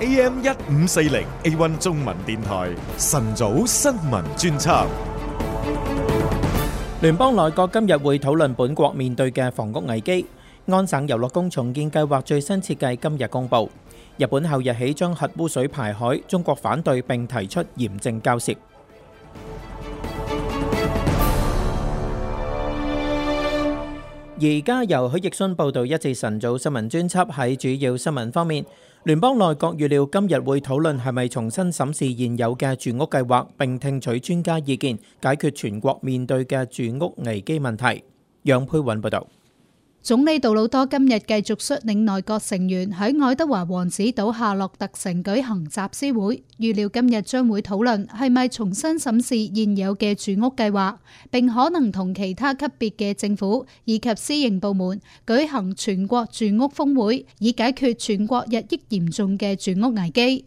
AM 一五四零 A1 中文電台晨早新聞專輯。聯邦內閣今日會討論本國面對嘅房屋危機，安省遊樂宮重建計劃最新設計今日公布。日本後日起將核污水排海，中國反對並提出嚴正交涉。而家由許奕迅報道一次晨早新聞專輯。喺主要新聞方面，聯邦內閣預料今日會討論係咪重新審視現有嘅住屋計劃，並聽取專家意見，解決全國面對嘅住屋危機問題。楊佩韻報道。總理杜魯多今日繼續率領內閣成員喺愛德華王子島夏洛特城舉行集思會，預料今日將會討論係咪重新審視現有嘅住屋計劃，並可能同其他級別嘅政府以及私營部門舉行全國住屋峰會，以解決全國日益嚴重嘅住屋危機。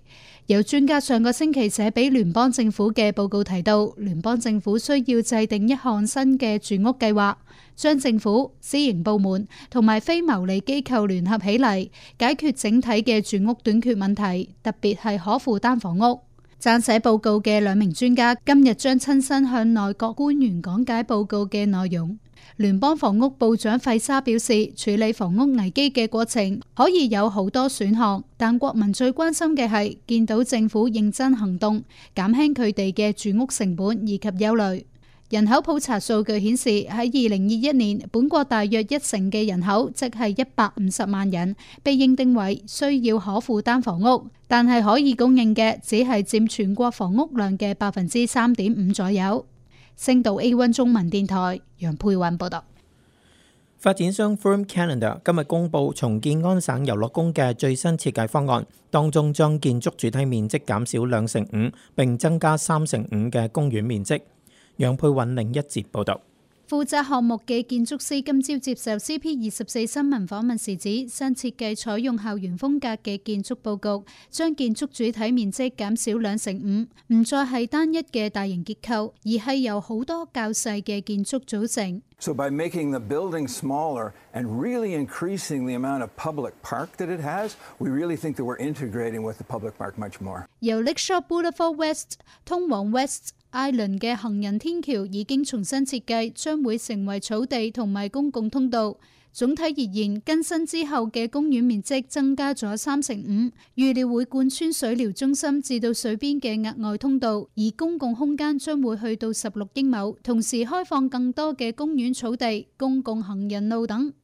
有專家上個星期寫俾聯邦政府嘅報告提到，聯邦政府需要制定一項新嘅住屋計劃。將政府、私營部門同埋非牟利機構聯合起嚟，解決整體嘅住屋短缺問題，特別係可負擔房屋。撰寫報告嘅兩名專家今日將親身向內閣官員講解報告嘅內容。聯邦房屋部長費沙表示，處理房屋危機嘅過程可以有好多選項，但國民最關心嘅係見到政府認真行動，減輕佢哋嘅住屋成本以及憂慮。人口普查數據顯示，喺二零二一年，本國大約一成嘅人口，即係一百五十萬人，被認定為需要可負擔房屋，但係可以供應嘅只係佔全國房屋量嘅百分之三點五左右。星島 A1 中文電台楊佩韻報道，發展商 Firm Calendar 今日公布重建安省遊樂宮嘅最新設計方案，當中將建築主體面積減少兩成五，並增加三成五嘅公園面積。楊佩韻另一節報道，負責項目嘅建築師今朝接受 CP24 新聞訪問時指，新設計採用校園風格嘅建築布局，將建築主體面積減少兩成五，唔再係單一嘅大型結構，而係由好多較細嘅建築組成。So by making the building smaller, and really increasing the amount of public park that it has, we really think that we're integrating with the public park much more. 由 Lakeshore Boulevard West 通往 West。艾倫嘅行人天橋已經重新設計，將會成為草地同埋公共通道。總體而言，更新之後嘅公園面積增加咗三成五，預料會貫穿水療中心至到水邊嘅額外通道，而公共空間將會去到十六英畝，同時開放更多嘅公園草地、公共行人路等。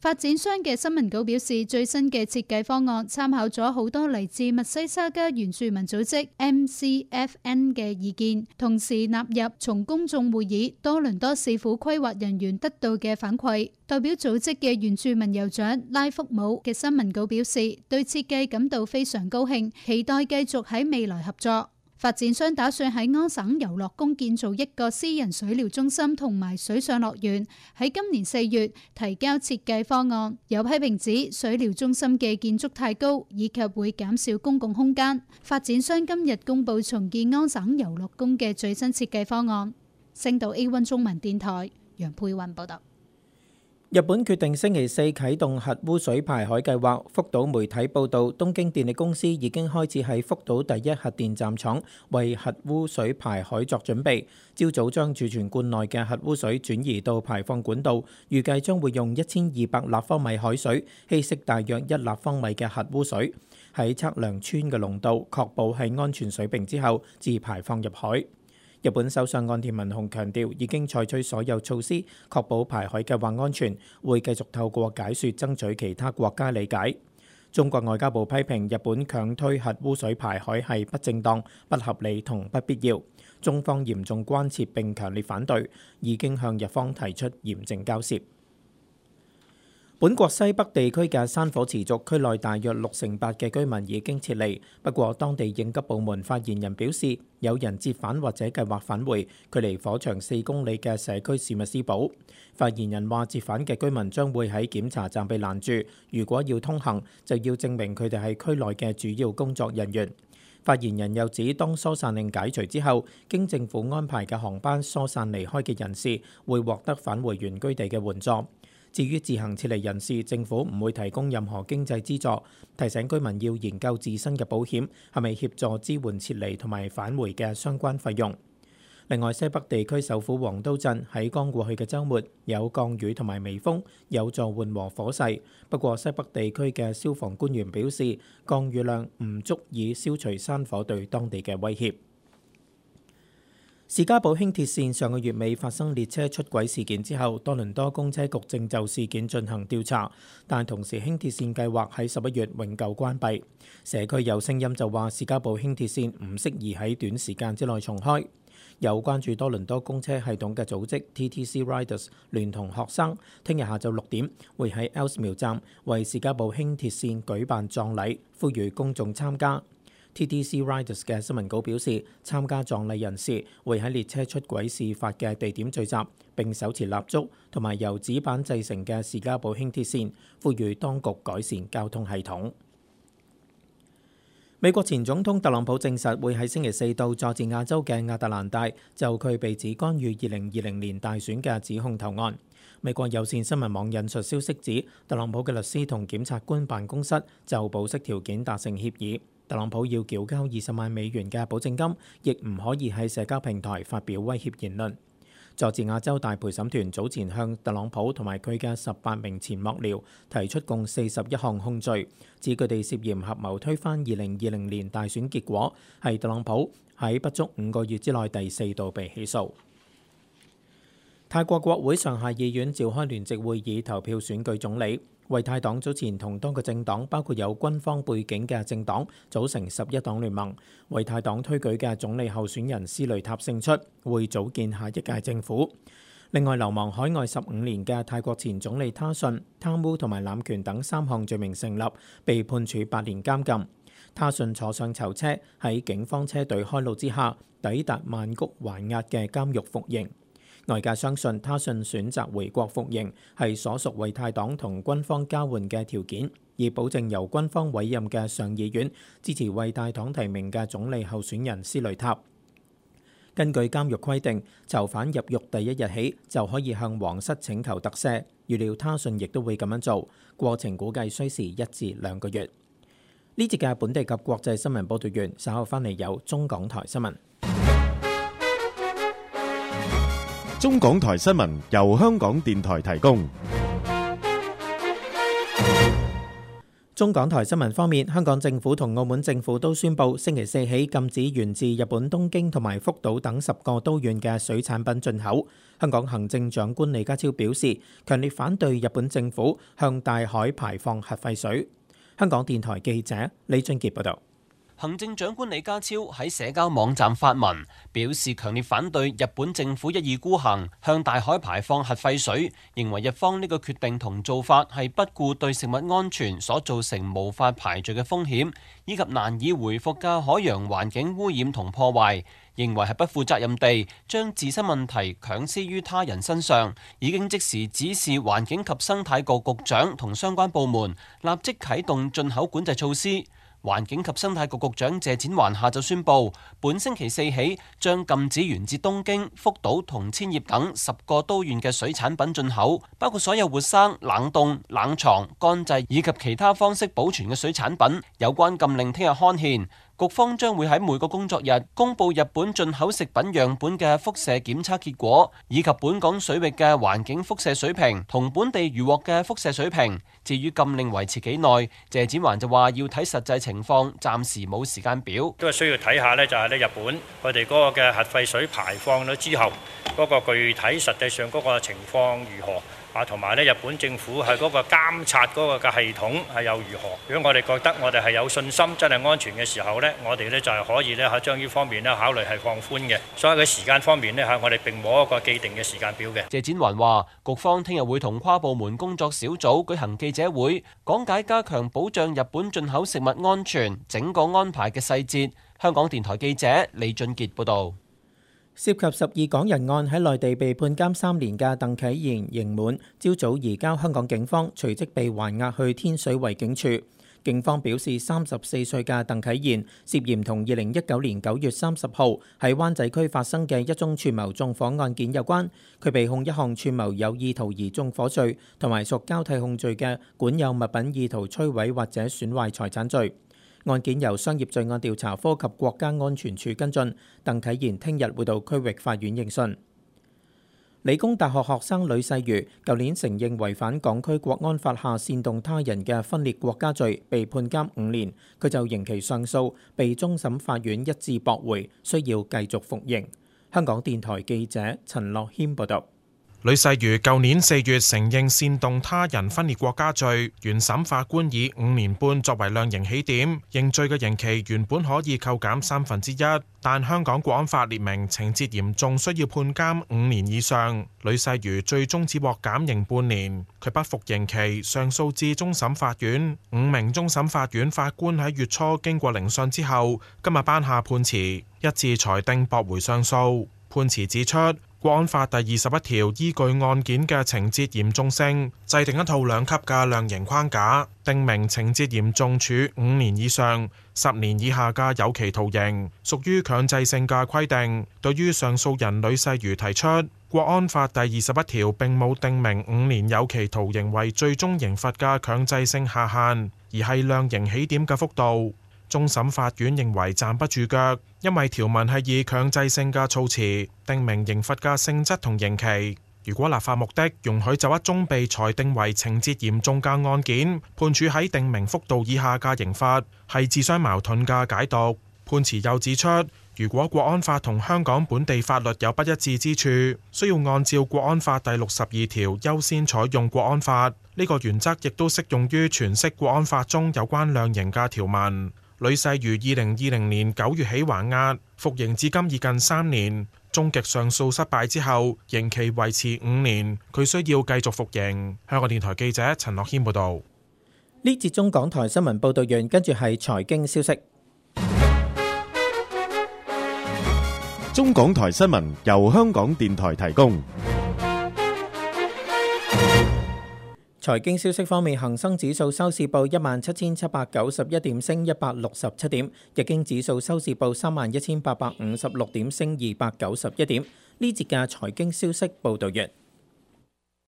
發展商嘅新聞稿表示，最新嘅設計方案參考咗好多嚟自密西沙加原住民組織 MCFN 嘅意見，同時納入從公眾會議、多倫多市府規劃人員得到嘅反饋。代表組織嘅原住民酋長拉福姆嘅新聞稿表示，對設計感到非常高興，期待繼續喺未來合作。發展商打算喺安省遊樂宮建造一個私人水療中心同埋水上樂園，喺今年四月提交設計方案。有批評指水療中心嘅建築太高，以及會減少公共空間。發展商今日公布重建安省遊樂宮嘅最新設計方案。星島 A1 中文電台，楊佩雲報道。日本決定星期四啟動核污水排海計劃。福島媒體報道，東京電力公司已經開始喺福島第一核電站廠為核污水排海作準備。朝早將儲存罐內嘅核污水轉移到排放管道，預計將會用一千二百立方米海水稀釋大約一立方米嘅核污水。喺測量氚嘅濃度，確保係安全水平之後，自排放入海。日本首相岸田文雄強調，已經採取所有措施，確保排海計劃安全，會繼續透過解説爭取其他國家理解。中國外交部批評日本強推核污水排海係不正當、不合理同不必要，中方嚴重關切並強烈反對，已經向日方提出嚴正交涉。本國西北地區嘅山火持續，區內大約六成八嘅居民已經撤離。不過，當地應急部門發言人表示，有人折返或者計劃返回距離火場四公里嘅社區史密斯堡。發言人話，折返嘅居民將會喺檢查站被攔住，如果要通行，就要證明佢哋係區內嘅主要工作人員。發言人又指，當疏散令解除之後，經政府安排嘅航班疏散離開嘅人士會獲得返回原居地嘅援助。至於自行撤離人士，政府唔會提供任何經濟資助，提醒居民要研究自身嘅保險，係咪協助支援撤離同埋返回嘅相關費用。另外，西北地區首府黃都鎮喺剛過去嘅週末有降雨同埋微風，有助緩和火勢。不過，西北地區嘅消防官員表示，降雨量唔足以消除山火對當地嘅威脅。士嘉堡輕鐵線上個月尾發生列車出軌事件之後，多倫多公車局正就事件進行調查，但同時輕鐵線計劃喺十一月永久關閉。社區有聲音就話士嘉堡輕鐵線唔適宜喺短時間之內重開。有關注多倫多公車系統嘅組織 TTC Riders 聯同學生，聽日下晝六點會喺 Ellesmere 站為士嘉堡輕鐵線舉辦葬禮，呼籲公眾參加。TTC Riders 嘅新聞稿表示，參加葬禮人士會喺列車出軌事發嘅地點聚集，並手持蠟燭同埋由紙板製成嘅士嘉堡輕鐵線，呼籲當局改善交通系統。美國前總統特朗普證實會喺星期四到佐治亞州嘅亞特蘭大，就佢被指干預二零二零年大選嘅指控投案。美國有線新聞網引述消息指，特朗普嘅律師同檢察官辦公室就保釋條件達成協議。特朗普要繳交二十萬美元嘅保證金，亦唔可以喺社交平台發表威脅言論。佐治亞州大陪審團早前向特朗普同埋佢嘅十八名前幕僚提出共四十一項控罪，指佢哋涉嫌合謀推翻二零二零年大選結果，係特朗普喺不足五個月之內第四度被起訴。泰國國會上下議院召開聯席會議投票選舉總理。為泰黨早前同多個政黨，包括有軍方背景嘅政黨，組成十一黨聯盟。為泰黨推舉嘅總理候選人斯雷塔勝出，會組建下一屆政府。另外，流亡海外十五年嘅泰國前總理他信貪污同埋濫權等三項罪名成立，被判處八年監禁。他信坐上囚車，喺警方車隊開路之下，抵達曼谷還押嘅監獄服刑。外界相信，他信選擇回國服刑係所屬為泰黨同軍方交換嘅條件，以保證由軍方委任嘅上議院支持為泰黨提名嘅總理候選人斯雷塔。根據監獄規定，囚犯入獄第一日起就可以向皇室請求特赦，預料他信亦都會咁樣做，過程估計需時一至兩個月。呢節嘅本地及國際新聞報道完，稍後翻嚟有中港台新聞。中港台新聞由香港電台提供。中港台新聞方面，香港政府同澳門政府都宣佈星期四起禁止源自日本東京同埋福島等十個都縣嘅水產品進口。香港行政長官李家超表示，強烈反對日本政府向大海排放核廢水。香港電台記者李俊傑報道。行政長官李家超喺社交網站發文，表示強烈反對日本政府一意孤行向大海排放核廢水，認為日方呢個決定同做法係不顧對食物安全所造成無法排除嘅風險，以及難以回復嘅海洋環境污染同破壞，認為係不負責任地將自身問題強施於他人身上，已經即時指示環境及生態局局長同相關部門立即啟動進口管制措施。環境及生態局局長謝展寰下晝宣佈，本星期四起將禁止源自東京、福島同千葉等十個都縣嘅水產品進口，包括所有活生、冷凍、冷藏、乾製以及其他方式保存嘅水產品。有關禁令聽日刊憲。局方將會喺每個工作日公布日本進口食品樣本嘅輻射檢測結果，以及本港水域嘅環境輻射水平同本地漁獲嘅輻射水平。至於禁令維持幾耐，謝展寰就話要睇實際情況，暫時冇時間表。都係需要睇下呢，就係呢日本佢哋嗰個嘅核廢水排放咗之後，嗰個具體實際上嗰個情況如何。啊，同埋咧，日本政府喺嗰個監察嗰個嘅系統係又如何？如果我哋覺得我哋係有信心真係安全嘅時候咧，我哋咧就係可以咧嚇將呢方面咧考慮係放寬嘅。所以嘅時間方面咧嚇，我哋並冇一個既定嘅時間表嘅。謝展寰話：局方聽日會同跨部門工作小組舉行記者會，講解加強保障日本進口食物安全整個安排嘅細節。香港電台記者李俊傑報道。涉及十二港人案喺內地被判監三年嘅鄧啟賢刑滿，朝早移交香港警方，隨即被還押去天水圍警署。警方表示，三十四歲嘅鄧啟賢涉嫌同二零一九年九月三十號喺灣仔區發生嘅一宗串謀縱火案件有關。佢被控一項串謀有意圖而縱火罪，同埋屬交替控罪嘅管有物品意圖摧毀或者損壞財產罪。案件由商業罪案調查科及國家安全處跟進。鄧啟賢聽日會到區域法院應訊。理工大學學生呂世瑜舊年承認違反港區國安法下煽動他人嘅分裂國家罪，被判監五年。佢就刑期上訴，被終審法院一致駁回，需要繼續服刑。香港電台記者陳樂謙報道。呂世瑜舊年四月承認煽動他人分裂國家罪，原審法官以五年半作為量刑起點，認罪嘅刑期原本可以扣減三分之一，但香港國安法列明情節嚴重需要判監五年以上，呂世瑜最終只獲減刑半年，佢不服刑期上訴至終審法院，五名終審法院法官喺月初經過聆訊之後，今日頒下判詞，一致裁定駁回上訴，判詞指出。國安法第二十一條依據案件嘅情節嚴重性，制定一套兩級嘅量刑框架，定明情節嚴重處五年以上、十年以下嘅有期徒刑，屬於強制性嘅規定。對於上訴人呂世如提出國安法第二十一條並冇定明五年有期徒刑為最終刑罰嘅強制性下限，而係量刑起點嘅幅度。終審法院認為站不住腳，因為條文係以強制性嘅措辭定明刑罰嘅性質同刑期。如果立法目的容許就一宗被裁定為情節嚴重嘅案件判處喺定明幅度以下嘅刑罰，係自相矛盾嘅解讀。判詞又指出，如果國安法同香港本地法律有不一致之處，需要按照國安法第六十二條優先採用國安法呢個原則，亦都適用於詮釋國安法中有關量刑嘅條文。女婿於二零二零年九月起還押服刑，至今已近三年。終極上訴失敗之後，刑期維持五年，佢需要繼續服刑。香港電台記者陳樂謙報道。呢節中港台新聞報道完，跟住係財經消息。中港台新聞由香港電台提供。財經消息方面，恒生指數收市報一萬七千七百九十一點，升一百六十七點；日經指數收市報三萬一千八百五十六點，升二百九十一點。呢節嘅財經消息報道完。